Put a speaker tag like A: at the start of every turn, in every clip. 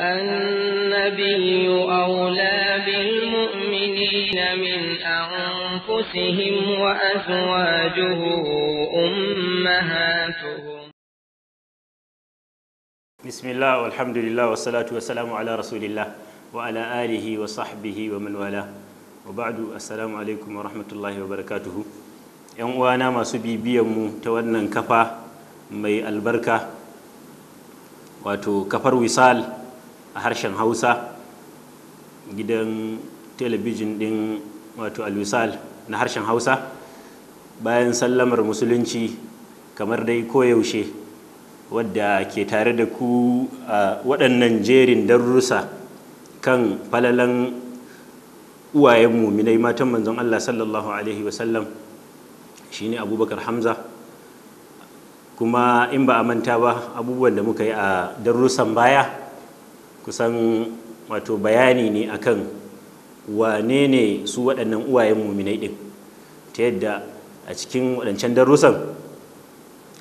A: النبي أولى بالمؤمنين من أنفسهم وأزواجه أمهاتهم بسم الله والحمد لله والصلاة والسلام على رسول الله وعلى آله وصحبه ومن والاه وبعد السلام عليكم ورحمة الله وبركاته يوم وانا ما سبي بيوم تولنا كفا مي البركة واتو كفر وصال a harshen hausa gidan telebijin din wato alusal na harshen hausa bayan sallamar musulunci kamar dai koyaushe wadda ke tare da ku a waɗannan jerin darussa kan falalan uwayen muminai matan manzon Allah sallallahu alaihi wasallam shine abubakar hamza kuma in ba a manta ba abubuwan da muka yi a darussan baya kusan wato bayani ne akan wane ne su waɗannan uwayen muminai ɗin ta yadda a cikin waɗancan darussan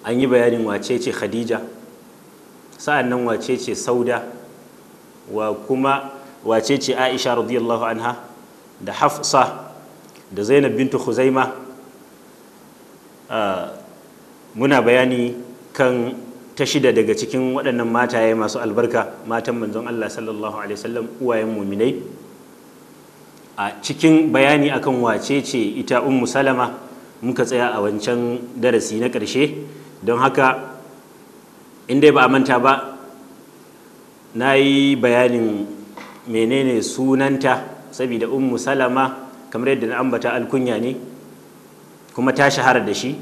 A: an yi bayanin wace ce khadija sa'an nan wace ce sauda wa kuma wace ce aisha radiyallahu anha da hafsa da zainab bintu khuzaima ah, muna bayani kan ta shida daga cikin waɗannan mataye masu albarka matan manzon Allah sallallahu alaihi wasallam uwayen muminai a cikin bayani akan wace ce ita ummu salama muka tsaya a wancan darasi na ƙarshe don haka in dai ba a manta ba na yi bayanin menene sunanta saboda ummu salama kamar yadda na ambata alkunya ne kuma ta shahara da shi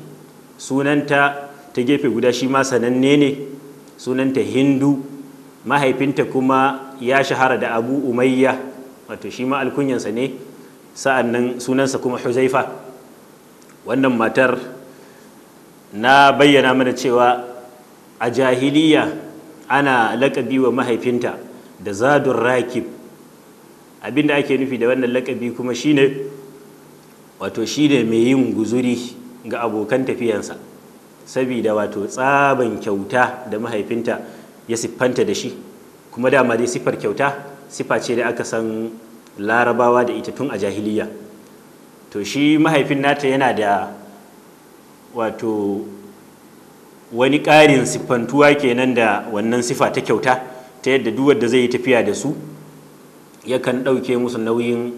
A: sunanta ta gefe guda shi ma sananne ne sunanta hindu mahaifinta kuma ya shahara da abu umayya wato shi ma alkunyansa ne sa'an nan sunansa kuma huzaifa wannan matar na bayyana mana cewa a jahiliya ana lakabi wa mahaifinta da zadun rakib abinda ake nufi da wannan lakabi kuma shine wato shine mai yin guzuri ga abokan tafiyansa saboda wato tsaban kyauta da mahaifinta ya siffanta da shi kuma dama dai siffar kyauta siffa ce da aka san larabawa da ita tun a jahiliya to shi mahaifin nata yana da wato wani ƙarin siffantuwa kenan da wannan siffa ta kyauta ta yadda duwar zai yi tafiya da su yakan ɗauke musu nauyin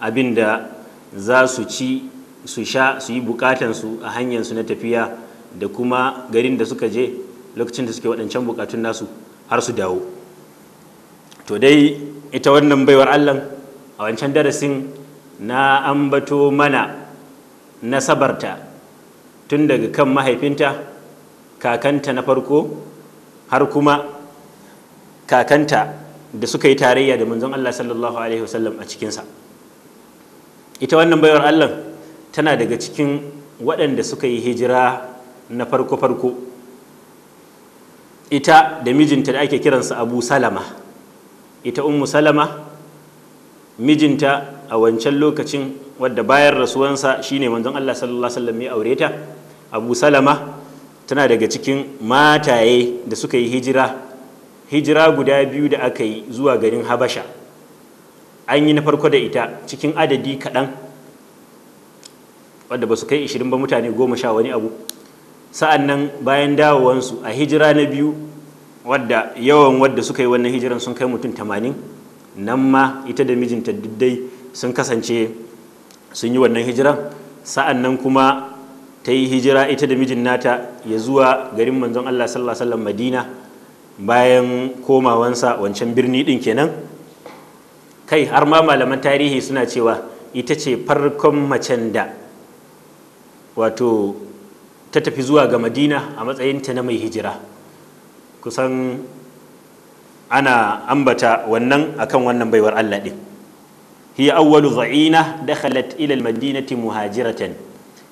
A: abin da za su ci su sha su yi bukatansu a hanyarsu na tafiya da kuma garin da suka je lokacin da suke waɗancan bukatun nasu har su dawo to dai ita wannan baiwar allah a wancan darasin na ambato mana na sabarta tun daga kan mahaifinta kakanta na farko har kuma kakanta da suka yi tarayya da manzon Allah sallallahu alaihi wasallam a cikinsa ita wannan baiwar Allah tana daga cikin waɗanda suka yi hijira na farko-farko ita da mijinta da ake kiransa abu salama ita ummu salama mijinta a wancan lokacin wadda bayan rasuwansa shine manzon Allah sallallahu alaihi ya aure ta abu salama tana daga cikin mataye da suka yi hijira hijira guda biyu da aka yi zuwa garin habasha an yi na farko da ita cikin adadi kaɗan wadda ba su kai 20 ba mutane goma sha wani abu sa'an nan bayan dawowansu a hijira na biyu wadda yawan wadda suka yi wannan hijiran sun kai mutum tamanin nan ma ita da mijinta diddai sun kasance sun yi wannan hijiran sa'an nan kuma ta yi hijira ita da mijin nata ya zuwa garin manzon Allah sallallahu Madina bayan komawansa wancan birni din kenan kai har ma malaman tarihi suna cewa ita ce farkon macen da wato ta tafi zuwa ga madina a matsayinta na mai hijira kusan ana ambata wannan akan wannan baiwar allah ɗin hiya awwalu za'ina dakhalat ilal madinati muhajiratan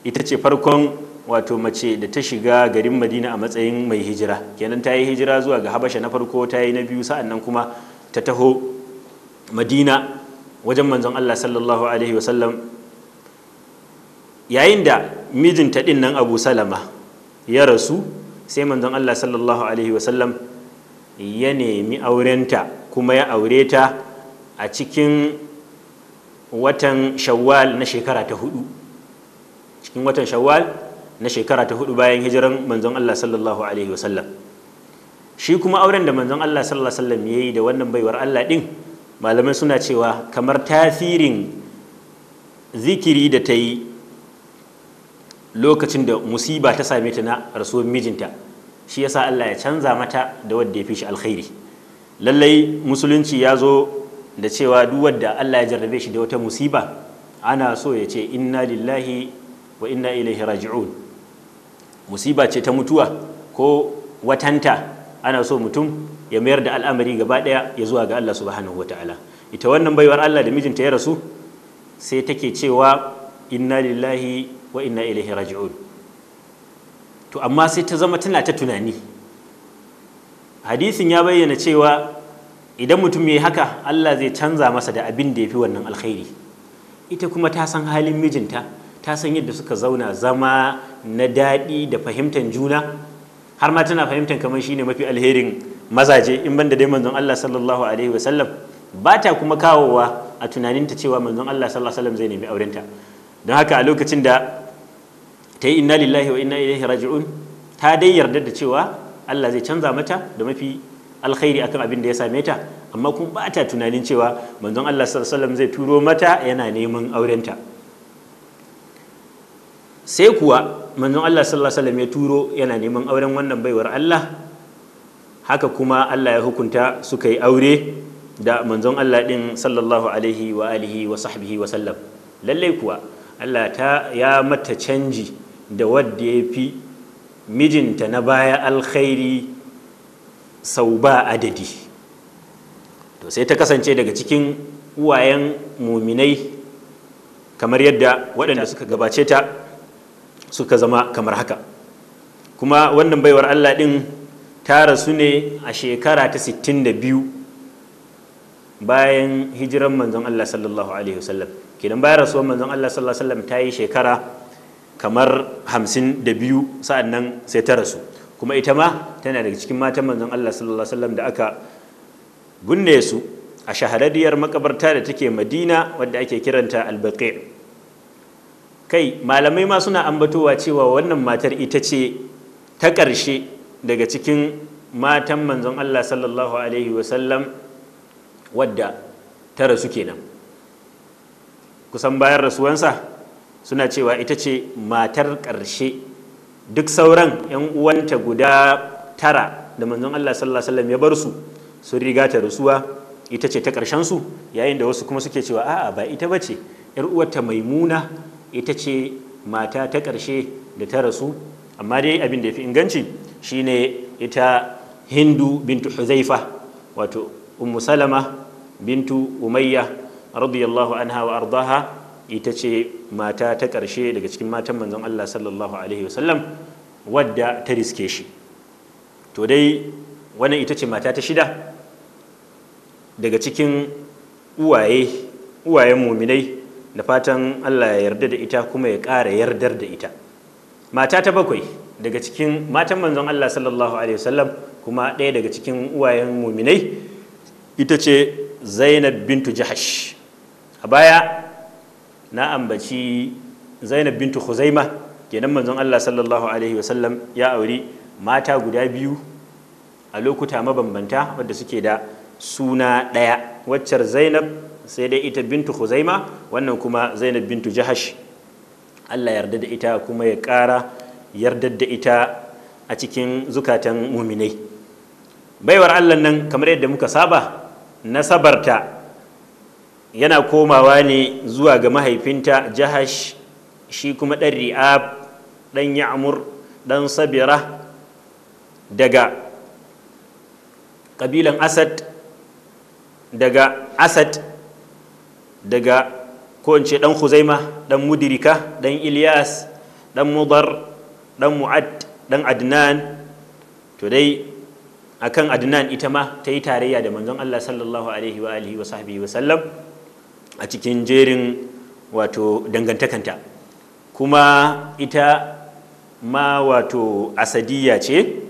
A: ita ce farkon wato mace da ta shiga garin madina a matsayin mai hijira kenan ta yi hijira zuwa ga habasha na farko ta yi na biyu sa'an nan kuma ta taho madina wajen manzon allah sallallahu alaihi wasallam yayin da mijinta din nan abu salama ya rasu sai manzon allah sallallahu alaihi wasallam ya nemi aurenta kuma ya aure ta a cikin watan shawwal na shekara ta hudu cikin watan shawwal na shekara ta hudu bayan hijiran manzon allah sallallahu alaihi wasallam shi kuma auren da manzon allah sallallahu alaihi wasallam ya yi da wannan baiwar allah ɗin malamai suna cewa kamar tasirin zikiri da ta yi lokacin da musiba ta same ta na rasuwar mijinta shi yasa Allah ya canza mata da wadda ya fi shi alkhairi lallai musulunci ya zo da cewa duk wadda Allah ya jarrabe shi da wata musiba ana so ya ce inna lillahi wa inna ilaihi raji'un musiba ce ta mutuwa ko watanta ana so mutum ya mayar da al'amari gaba daya ya zuwa ga Allah subhanahu wataala ita wannan baiwar Allah da mijinta ya rasu sai take cewa inna lillahi wa inna ilaihi raji'un to amma sai ta zama tana ta tunani hadisin ya bayyana cewa idan mutum yayi haka Allah zai canza masa da abin da ya fi wannan alkhairi ita kuma ta san halin mijinta ta san yadda suka zauna zama na daɗi da fahimtar juna har ma tana fahimtar kamar shine mafi alherin mazaje in banda dai manzon Allah sallallahu alaihi wasallam ba ta kuma kawowa a tunaninta cewa manzon Allah sallallahu alaihi wasallam zai nemi aurenta don haka a lokacin da ta yi inna lillahi wa inna ilaihi raji'un ta dai yarda da cewa Allah zai canza mata da mafi alkhairi akan abin da ya same ta amma kuma ba ta tunanin cewa manzon Allah sallallahu alaihi zai turo mata yana neman aurenta sai kuwa manzon Allah sallallahu alaihi ya turo yana neman auren wannan baiwar Allah haka kuma Allah ya hukunta suka yi aure da manzon Allah din sallallahu alaihi wa alihi wa sahbihi wa sallam lallai kuwa Allah ta ya mata canji da wadda ya fi mijinta na baya alkhairi sau ba adadi to sai ta kasance daga cikin uwayen muminai kamar yadda waɗanda suka gabace ta suka zama kamar haka kuma wannan baiwar Allah ɗin ta rasu ne a shekara ta biyu bayan hijiran manzon Allah sallallahu alaihi wasallam kidan bayan rasuwar manzon Allah sallallahu alaihi wasallam ta yi shekara kamar hamsin da biyu sa'an nan sai ta rasu kuma ita ma tana daga cikin matan manzon Allah sallallahu alaihi wasallam da aka binne su a shahararriyar makabarta da take Madina wadda ake kiranta al-Baqi' kai malamai ma suna ambatowa cewa wannan matar ita ce ta ƙarshe daga cikin matan manzon Allah sallallahu alaihi wasallam wadda ta rasu kenan kusan bayan rasuwansa suna cewa ita ce matar ƙarshe duk sauran 'yan uwanta guda tara da manzon Allah sallallahu alaihi wasallam ya bar su sun riga ta rasuwa ita ce ta ƙarshen su yayin da wasu kuma suke cewa a'a ba ita bace yar uwarta maimuna ita ce mata ta ƙarshe da ta rasu amma dai abin da ya fi inganci shine ita hindu bintu huzaifa wato ummu salama bintu umayya radiyallahu anha wa ardaha ita ce mata ta ƙarshe daga cikin matan manzon Allah sallallahu alaihi wasallam wadda ta riske shi to dai wannan ita ce mata ta shida daga cikin uwaye uwayen muminai da fatan Allah ya yarda da ita kuma ya ƙara yardar da ita mata ta bakwai daga cikin matan manzon Allah sallallahu alaihi wasallam kuma ɗaya daga cikin uwayen muminai ita ce Zainab bintu Jahash a baya na ambaci zainab bintu khuzaima kenan manzon Allah sallallahu alaihi wasallam ya auri mata guda biyu a lokuta mabambanta wadda suke da suna ɗaya waccar zainab sai dai ita bintu khuzaima wannan kuma zainab bintu jahash Allah yarda da ita kuma ya ƙara yarda da ita a cikin zukatan muminai baiwar Allah nan kamar yadda muka saba nasabarta yana komawa ne zuwa ga mahaifinta jahash shi kuma ɗan ri'ab ɗan ya'mur ɗan sabira daga ƙabilan asad daga asad daga kowace ɗan huzaima ɗan mudirika ɗan ilyas ɗan mudar ɗan mu'ad ɗan adnan to dai akan adnan ita ma ta yi tarayya da manzon allah sallallahu alaihi wa alihi wa sahbihi wa sallam a cikin jerin wato dangantakanta kuma ita ma wato asadiya ce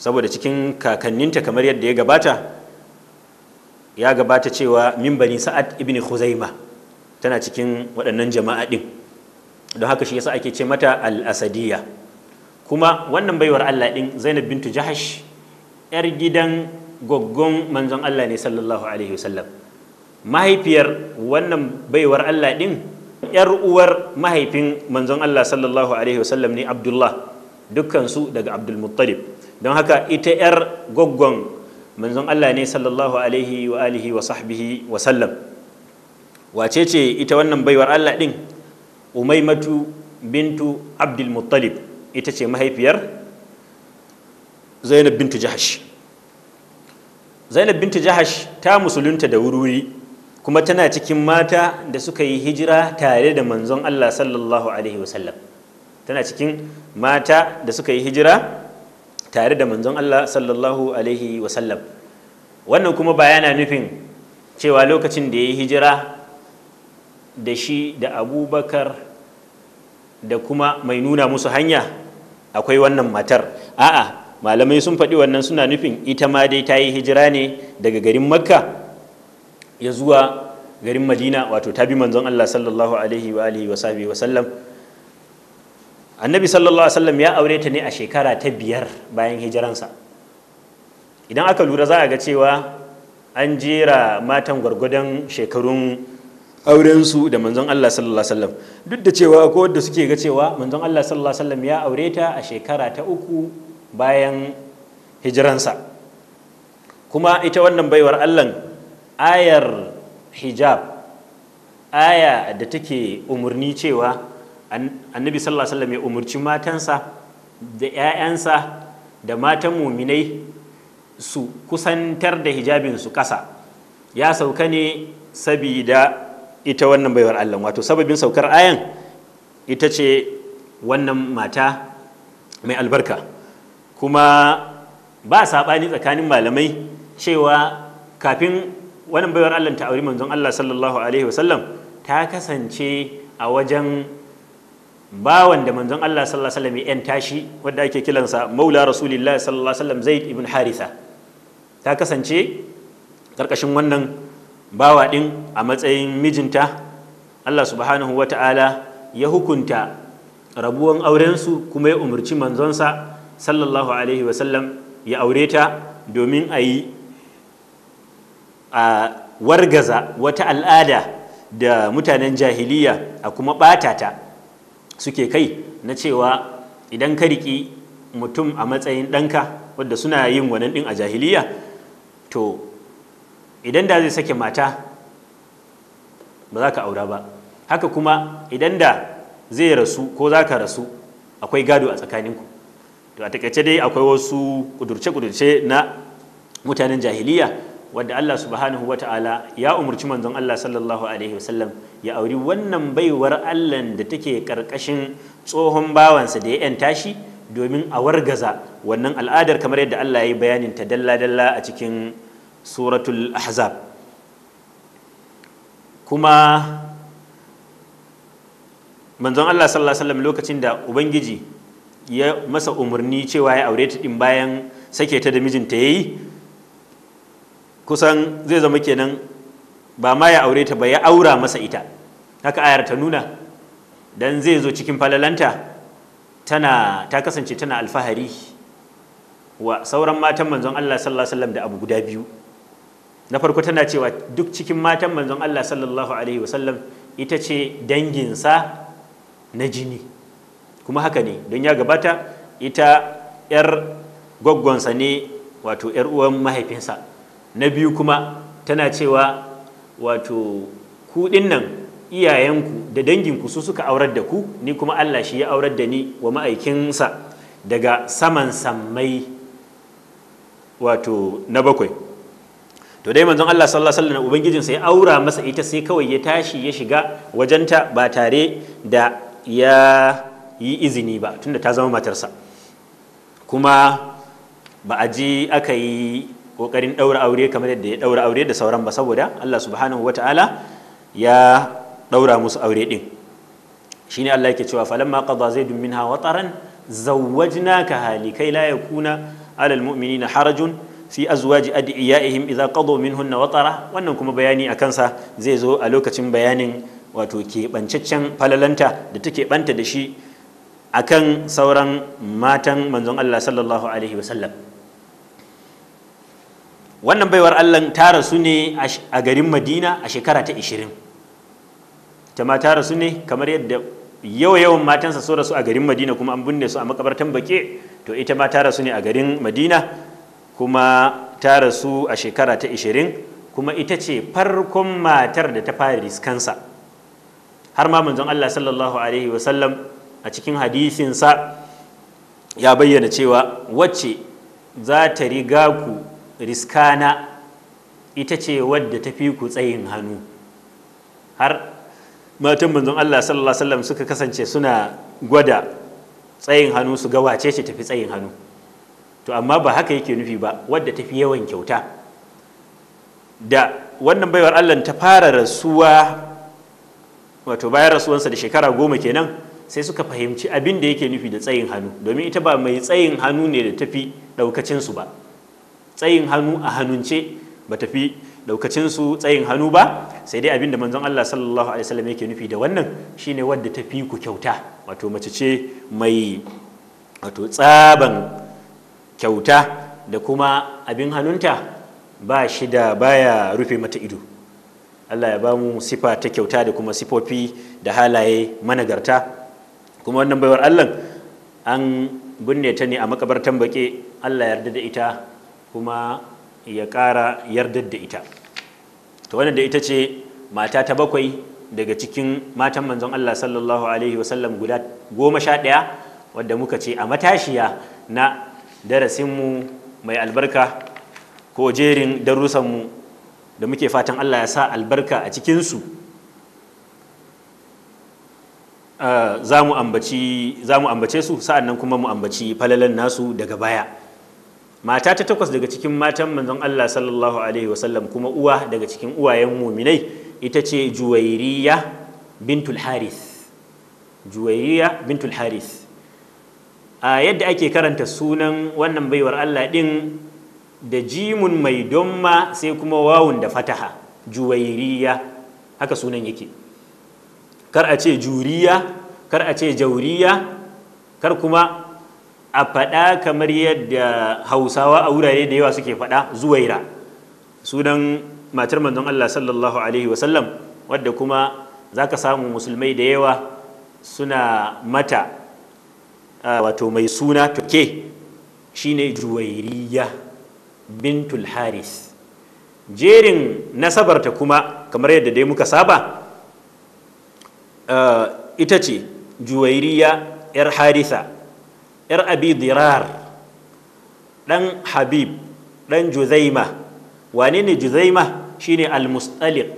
A: saboda cikin kakanninta kamar yadda ya gabata ya gabata cewa min sa'ad ibn khuzaima tana cikin waɗannan jama'a ɗin don haka shi yasa ake ce mata al-asadiya kuma wannan baiwar Allah ɗin Zainab bintu Jahash 'yar gidan goggon manzon Allah ne sallallahu alaihi wasallam mahaifiyar wannan baiwar Allah ɗin ‘yar uwar mahaifin manzon Allah sallallahu Alaihi wasallam ne Abdullah dukkansu daga Abdul Muttalib don haka ita ‘yar gwaggon manzon Allah ne sallallahu Alaihi wa alihi wa sahbihi wasallam wace ce ita wannan baiwar Allah ɗin umaimatu bintu Abdul Muttalib ita ce mahaifiyar Zainab bintu Jahash Zainab bintu Jahash ta musulunta da wuri kuma tana cikin mata da suka yi hijira tare da manzon Allah sallallahu alaihi wasallam tana cikin mata da suka yi hijira tare da manzon Allah sallallahu alaihi wasallam wannan kuma ba yana nufin cewa lokacin da ya yi hijira da shi da abubakar da kuma mai nuna musu hanya akwai wannan matar a'a malamai sun faɗi wannan suna nufin ita ma dai ta yi hijira ne daga garin makka ya zuwa garin madina wato ta bi manzon allah sallallahu alaihi wa alihi wa sahbihi wa sallam annabi sallallahu alaihi sallam ya aure ta ne a shekara ta biyar bayan hijiransa idan aka lura za a ga cewa an jera matan gwargwadon shekarun aurensu da manzon Allah sallallahu alaihi sallam. duk da cewa ko wanda suke ga cewa manzon Allah sallallahu alaihi sallam ya aure ta a shekara ta uku bayan hijiransa kuma ita wannan baiwar Allah ayar hijab aya da take umarni cewa annabi sallallahu alaihi wasallam ya umarci matansa da 'ya'yansa da matan muminai su kusantar da hijabinsu ƙasa ya sauka ne sabida ita wannan baiwar Allah wato sababin saukar ayan ita ce wannan mata mai albarka kuma ba saɓani tsakanin malamai cewa kafin wannan baiwar Allah ta auri manzon Allah sallallahu alaihi wasallam ta kasance a wajen bawan da manzon Allah sallallahu alaihi wasallam ya yanta shi wanda ake kilansa maula rasulillah sallallahu alaihi wasallam zaid ibn haritha ta kasance karkashin wannan bawa din a matsayin mijinta Allah subhanahu wata'ala ya hukunta rabuwan aurensu kuma ya umarci manzonsa sallallahu alaihi wasallam ya aure ta domin a yi a wargaza wata al'ada da mutanen jahiliya a kuma ɓata ta suke kai na cewa idan ka riƙi mutum a matsayin ɗanka wadda suna yin wannan ɗin a jahiliya to idan da zai sake mata ba za ka aura ba haka kuma idan da zai rasu ko za ka rasu akwai gado a tsakaninku to a takaice dai akwai wasu ƙudurce kudurce na mutanen jahiliya wadda Allah subhanahu wa ta'ala ya umarci manzon Allah sallallahu alaihi wasallam ya auri wannan baiwar Allah da take karkashin tsohon bawansa da ya yanta shi domin a wargaza wannan al'adar kamar yadda Allah ya yi bayanin ta dalla-dalla a cikin suratul ahzab kuma manzon Allah sallallahu alaihi wasallam lokacin da ubangiji ya masa umarni cewa ya aure ta din bayan sake ta da mijinta yayi kusan zai zama kenan ba ma ya aure ta ba ya aura masa ita haka ayar ta nuna dan zai zo cikin falalanta tana ta kasance tana alfahari wa sauran matan manzon Allah sallallahu alaihi wasallam da abu guda biyu na farko tana cewa duk cikin matan manzon Allah sallallahu alaihi wasallam ita ce danginsa na jini kuma haka ne don ya gabata ita 'yar gwaggonsa ne wato 'yar uwan mahaifinsa na biyu kuma tana cewa wato kudin nan iyayenku da danginku su suka aurar da ku ni kuma Allah shi ya aurar da ni wa ma'aikinsa daga saman samai wato na bakwai to dai manzon Allah sallallahu alaihi wasallam ubangijinsa ya aura masa ita sai kawai ya tashi ya shiga wajenta ba tare da ya yi izini ba tunda ta zama matarsa kuma ba a ji aka yi kokarin daura aure kamar yadda ya daura aure da sauran ba saboda Allah subhanahu wataala ya daura musu aure din shine Allah yake cewa falamma qada zaidun minha wataran zawwajnaka kai la yakuna ala almu'minina harajun fi azwaji adiyaihim idza qadu minhunna watara wannan kuma bayani a kansa zai zo a lokacin bayanin wato keɓancaccen falalanta da take banta da shi akan sauran matan manzon Allah sallallahu alaihi wasallam wannan baiwar allah ta rasu ne a garin madina a shekara ta 20 ta ma ta rasu ne kamar yadda yawa yawan matansa so rasu a garin madina kuma an binne su a makabartan baƙe. to ita ma ta rasu ne a garin madina kuma ta rasu a shekara ta 20 kuma ita ce farkon matar da ta fara riskansa har ma manzon allah sallallahu alaihi wasallam a cikin hadisinsa ya bayyana cewa wacce za ta riga ku riskana ita ce wadda ta fi ku tsayin hannu har matan manzon Allah sallallahu alaihi wasallam suka kasance suna gwada tsayin hannu su ga wace ce tafi tsayin hannu to amma ba haka yake nufi ba wadda tafi yawan kyauta da wannan baiwar Allah ta fara rasuwa wato bayan rasuwansa da shekara goma kenan sai suka fahimci abin da yake nufi da tsayin hannu domin ita ba mai tsayin hannu ne da tafi ɗaukacinsu ba tsayin hannu a hannunce ba tafi daukacinsu tsayin hannu ba sai dai abin da manzon Allah sallallahu alaihi wasallam yake nufi da wannan ne wadda ta fi ku kyauta wato mace ce mai wato tsaban kyauta da kuma abin hannunta ba shi da baya rufe mata ido Allah ya ba mu sifa ta kyauta da kuma sifofi da halaye managarta kuma wannan baiwar Allah an binne ta ne a makabartan baƙe Allah ya yarda da ita kuma ya ƙara yardar da ita to wannan da ita ce mata ta bakwai daga cikin matan manzon Allah sallallahu alaihi wasallam guda goma sha ɗaya wadda muka ce a matashiya na darasinmu mai albarka ko jerin darussanmu da muke fatan Allah ya sa albarka a cikinsu eh, za mu ambace su sa'an nan kuma mu ambaci falalan nasu daga baya mata ta takwas daga cikin matan manzon Allah sallallahu alaihi wasallam kuma uwa daga cikin uwayen muminai ita ce juwairiya bintul harith juwairiya bintul harith a yadda ake karanta sunan wannan baiwar Allah din da jimun mai domma sai kuma wawun da fataha juwairiya haka sunan yake kar a ce juriya kar a ce jauriya kar kuma a faɗa kamar yadda hausawa a wurare da yawa suke faɗa zuwaira sunan matar manzon Allah sallallahu alaihi wasallam wadda kuma za ka samu musulmai da yawa suna mata wato mai suna toke shine juwairiya bintul haris jerin nasabarta kuma kamar yadda dai muka saba ita ce juwairiya 'yar harisa 'yar abi dirar ɗan habib ɗan juzaima wane ne juzaima shine al-mustaliq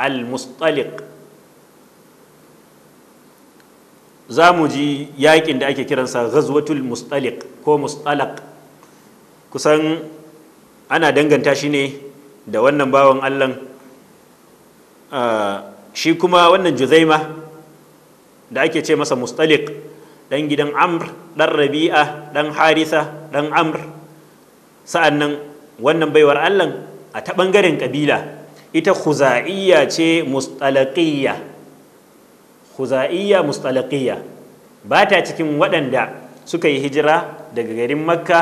A: al-mustaliq za mu ji yakin da ake kiransa ghazwatul mustaliq ko mustalaq kusan ana danganta shi ne da wannan bawan allan ah, shi kuma wannan juzaima da ake ce masa mustaliq dan gidan amr dan rabi'a dan harisa dan amr sa'annan wannan baiwar allan a ta bangaren ƙabila ita khuza'iyya ce mustalaqiyya khuza'iyya mustalaqiyya ba ta cikin waɗanda suka yi hijira daga garin makka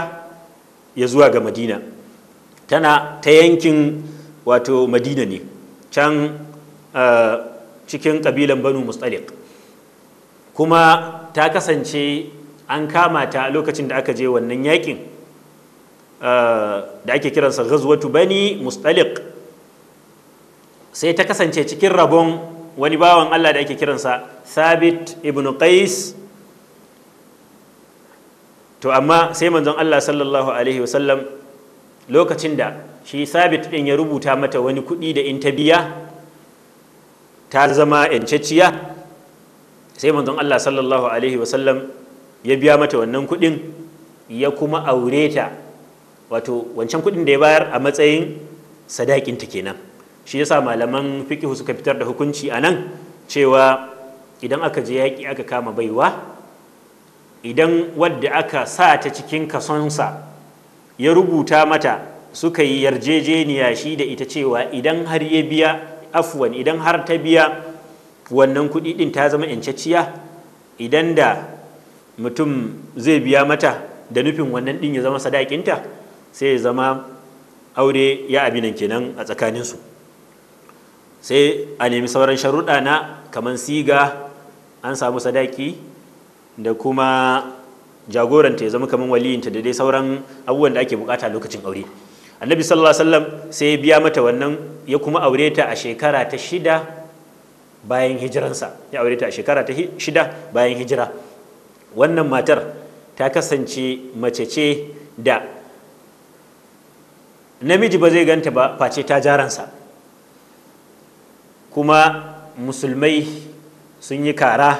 A: ya zuwa ga madina tana ta yankin wato madina ne can eh, cikin ƙabilan banu mustalik kuma ta kasance an kama ta lokacin da aka je wannan yakin eh, da ake kiransa ghazwatu bani mustaliq sai ta kasance cikin rabon wani bawan Allah da ake kiransa Thabit ibn Qais to amma sai manzon Allah sallallahu alaihi wasallam lokacin da shi Thabit din ya rubuta mata wani kuɗi da in ta biya ta zama yancacciya sai manzon Allah sallallahu alaihi wasallam ya biya mata wannan kuɗin ya kuma aure ta wato wancan kuɗin da ya bayar a matsayin sadakin ta kenan shi yasa malaman fikihu suka fitar da hukunci a nan cewa idan aka je yaƙi aka kama baiwa idan wadda aka sa ta cikin kasonsa ya rubuta mata suka yi yarjejeniya shi da ita cewa idan har ya biya afwan idan har ta biya wannan kuɗi ɗin ta zama yancacciya idan da mutum zai biya mata da nufin wannan ɗin ya zama sadakinta sai ya zama aure ya abinan kenan a tsakaninsu sai a nemi sauran sharuɗa na kamar siga an samu sadaki da kuma jagoranta ya zama kamar waliyinta da dai sauran abubuwan da ake bukata lokacin aure annabi sallallahu alaihi wasallam sai ya biya mata wannan ya kuma aure ta a shekara ta shida bayan hijiransa ya aure ta a shekara ta shida bayan hijira wannan matar ta kasance mace ce da namiji ba zai ganta ba face ta jaransa kuma musulmai sun yi kara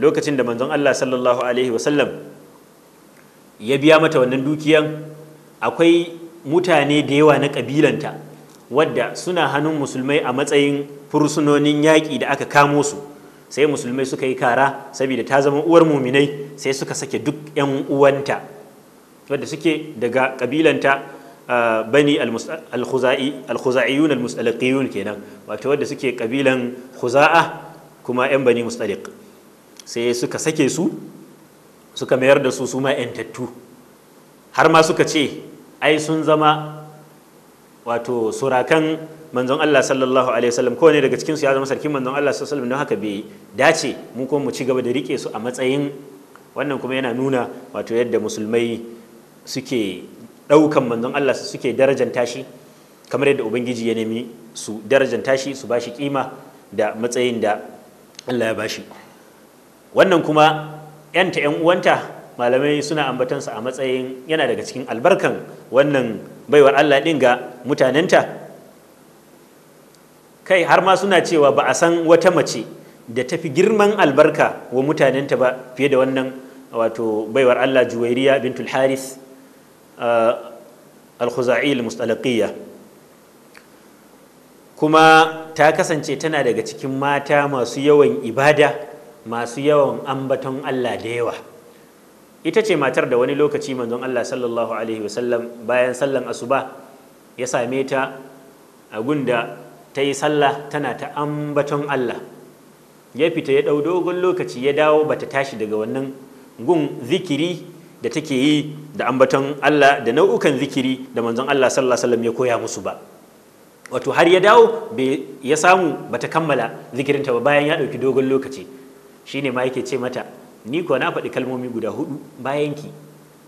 A: lokacin da manzon Allah sallallahu alaihi wasallam ya biya mata wannan dukiyan akwai mutane da yawa na ƙabilanta wadda suna hannun musulmai a matsayin fursunonin yaƙi da aka kamo su sai musulmai suka yi kara saboda ta zama uwar muminai sai suka sake duk 'yan uwanta wadda suke daga ƙabilanta bani al-khuza'iyun al-mustalaqiyun kenan wato wadda suke kabilan khuza'a kuma yan bani mustaliq sai suka sake su suka mayar da su su ma yantattu har ma suka ce ai sun zama wato surakan manzon Allah sallallahu alaihi wasallam kowane daga cikin su ya zama sarkin manzon Allah sallallahu alaihi wasallam don haka bai dace mu kuma mu ci gaba da rike su a matsayin wannan kuma yana nuna wato yadda musulmai suke daukan manzon Allah suke darajan tashi kamar yadda ubangiji ya nemi su darajan tashi su bashi kima da matsayin da Allah ya bashi wannan kuma yanta yan uwanta malamai suna ambatansa a matsayin yana daga cikin albarkan wannan baiwar Allah ɗin ga mutanenta kai har ma suna cewa ba a san wata mace da tafi girman albarka wa mutanenta ba fiye da wannan wato baiwar Allah juwairiya bintul haris ah, al-khuza'i al-mustalaqiyya kuma ta kasance tana daga cikin mata masu yawan ibada masu yawan ambaton Allah da yawa ita ce matar da wani lokaci manzon Allah sallallahu alaihi wasallam bayan sallan asuba ya same ta a gunda ta yi sallah tana ta ambaton Allah ya fita ya ɗau dogon lokaci ya dawo bata tashi daga wannan gun zikiri da take yi da ambaton Allah da nau'ukan zikiri da manzon Allah sallallahu alaihi wasallam ya koya musu ba wato har ya dawo ya samu bata kammala zikirinta ba bayan ya ɗauki dogon lokaci shi ne ma yake ce mata ni ko na faɗi kalmomi guda hudu bayan ki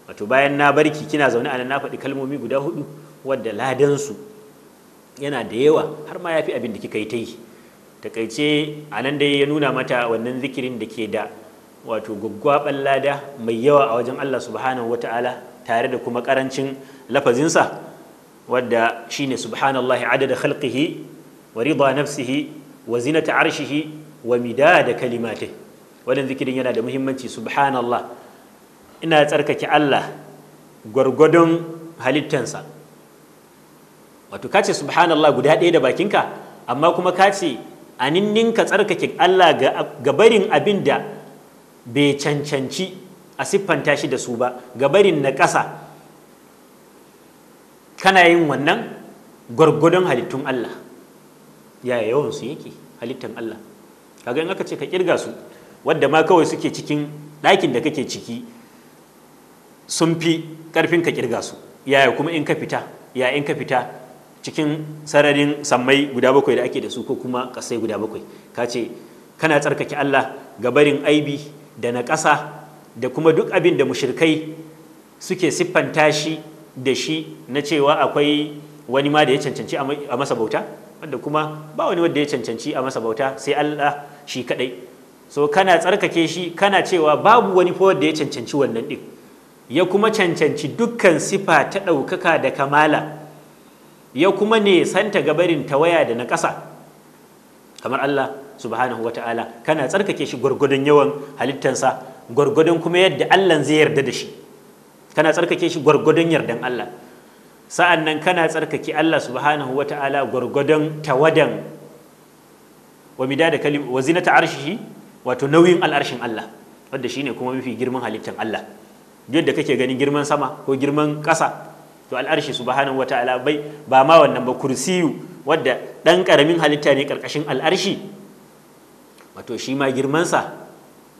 A: wato bayan na barki kina zaune a nan na faɗi kalmomi guda hudu wadda ladansu yana da yawa har ma yafi abin da kika yi ta yi takaice a nan dai ya nuna mata wannan zikirin da ke da wato gwaggwaɓar lada mai yawa a wajen Allah subhanahu wata'ala tare da kuma karancin lafazinsa wadda shine subhanallahi adada khalqihi wa rida nafsihi wa zinata arshihi wa midada kalimatihi wannan zikirin yana da muhimmanci subhanallah ina tsarkake Allah gwargwadon halittansa wato ka ce subhanallah guda ɗaya da bakinka amma kuma ka ce a ninninka tsarkake Allah ga barin abin da bai cancanci a siffanta shi da su ba ga barin na ƙasa kana yin wannan gwargwadon halittun Allah ya yawansu yake halittan Allah kaga in aka ce ka kirga su wadda ma kawai suke cikin ɗakin da kake ciki sun fi ƙarfin ka kirga su yaya kuma in ka fita ya in ka fita cikin sararin sammai guda bakwai da ake da su ko kuma ƙasai guda bakwai ka ce kana tsarkake Allah ga barin aibi da na ƙasa da kuma duk abin da mushirkai suke siffanta shi da shi na cewa akwai wani ma da ya cancanci a masa bauta wanda kuma ba wani wanda ya cancanci a masa bauta sai Allah shi kadai so kana tsarkake shi kana cewa babu wani fowar da ya cancanci wannan din ya kuma cancanci dukkan sifa ta ɗaukaka da kamala ya kuma ne santa gabarin tawaya da na ƙasa kamar Allah subhanahu wata'ala kana tsarkake shi gwargwadon yawan halittansa gwargwadon kuma yadda Allah zai yarda da shi kana tsarkake shi gwargwadon yardan Allah sa'an nan kana tsarkake Allah subhanahu wata'ala gwargwadon tawadan wa midada kalim wa zinata arshihi wato nauyin al'arshin Allah wanda shine kuma mafi girman halittar Allah yadda kake ganin girman sama ko girman ƙasa to al'arshi subhanahu wata'ala bai ba ma wannan ba kursiyu wadda ɗan ƙaramin halitta ne ƙarƙashin al'arshi wato shi ma girmansa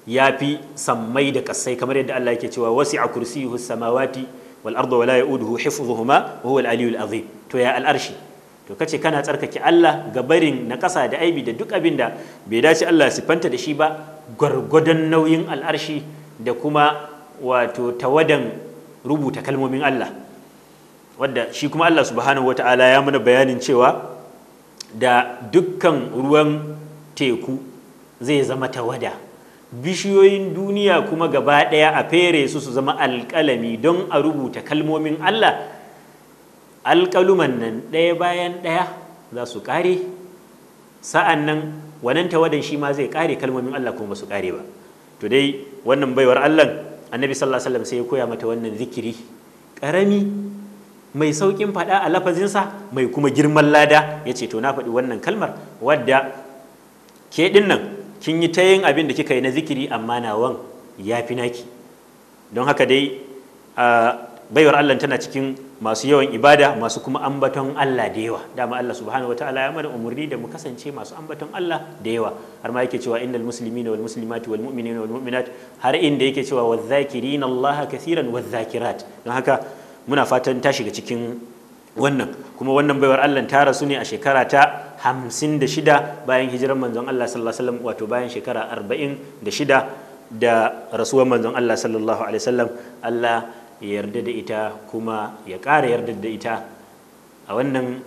A: ya fi sammai da ƙasai kamar yadda Allah yake cewa wasi'a a kursiyuhu samawati wal ardu wa la ya'uduhu hifdhuhuma wa huwa al-aliyyul azim to ya al'arshi to kace kana tsarkake Allah ga barin na ƙasa da aibi da duk abin da bai dace Allah sifanta da shi ba gwargwadon nauyin al'arshi da kuma wato tawadan rubuta kalmomin Allah wadda shi kuma Allah subhanahu wata'ala ya mana bayanin cewa da dukkan ruwan teku zai zama tawada bishiyoyin duniya kuma gaba ɗaya a fere su su zama alƙalami don a rubuta kalmomin Allah alƙaluman nan ɗaya bayan ɗaya za su ƙare sa'an nan wannan tawadan shi ma zai ƙare kalmomin Allah kuma ba su ƙare ba to dai wannan baiwar Allah annabi sallallahu alaihi wasallam sai ya koya mata wannan zikiri ƙarami mai sauƙin faɗa a lafazinsa mai kuma girman lada ya ce to na faɗi wannan kalmar wadda ke ɗin nan kin yi ta yin abin da kika yi na zikiri amma nawan ya fi naki don haka dai baiwar Allah tana cikin masu yawan ibada masu kuma ambaton Allah da yawa dama Allah subhanahu ta'ala ya mana umurni da mu kasance masu ambaton Allah da yawa har ma yake cewa innal muslimina wal muslimati wal mu'minina wal mu'minat har inda yake cewa wazakiri dhakirina Allah kaseeran wadh-dhakirat don haka muna fatan ta shiga cikin wannan kuma wannan baiwar Allah ta rasu ne a shekara ta hamsin da bayan hijirar manzon Allah sallallahu alaihi wasallam wato bayan shekara arba'in da da rasuwar manzon Allah sallallahu alaihi wasallam Allah ya yarda da ita kuma ya ƙara yarda da ita a wannan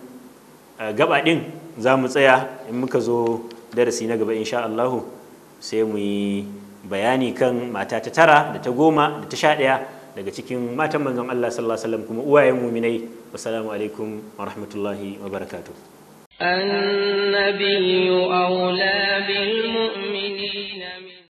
A: eh, gabaɗin za mu tsaya in muka zo darasi na gaba insha Allahu sai mu yi bayani kan mata ta tara da ta goma da ta sha ɗaya daga cikin matan manzon Allah sallallahu alaihi wasallam kuma uwayen muminai wassalamu alaikum wa rahmatullahi wa barakatuh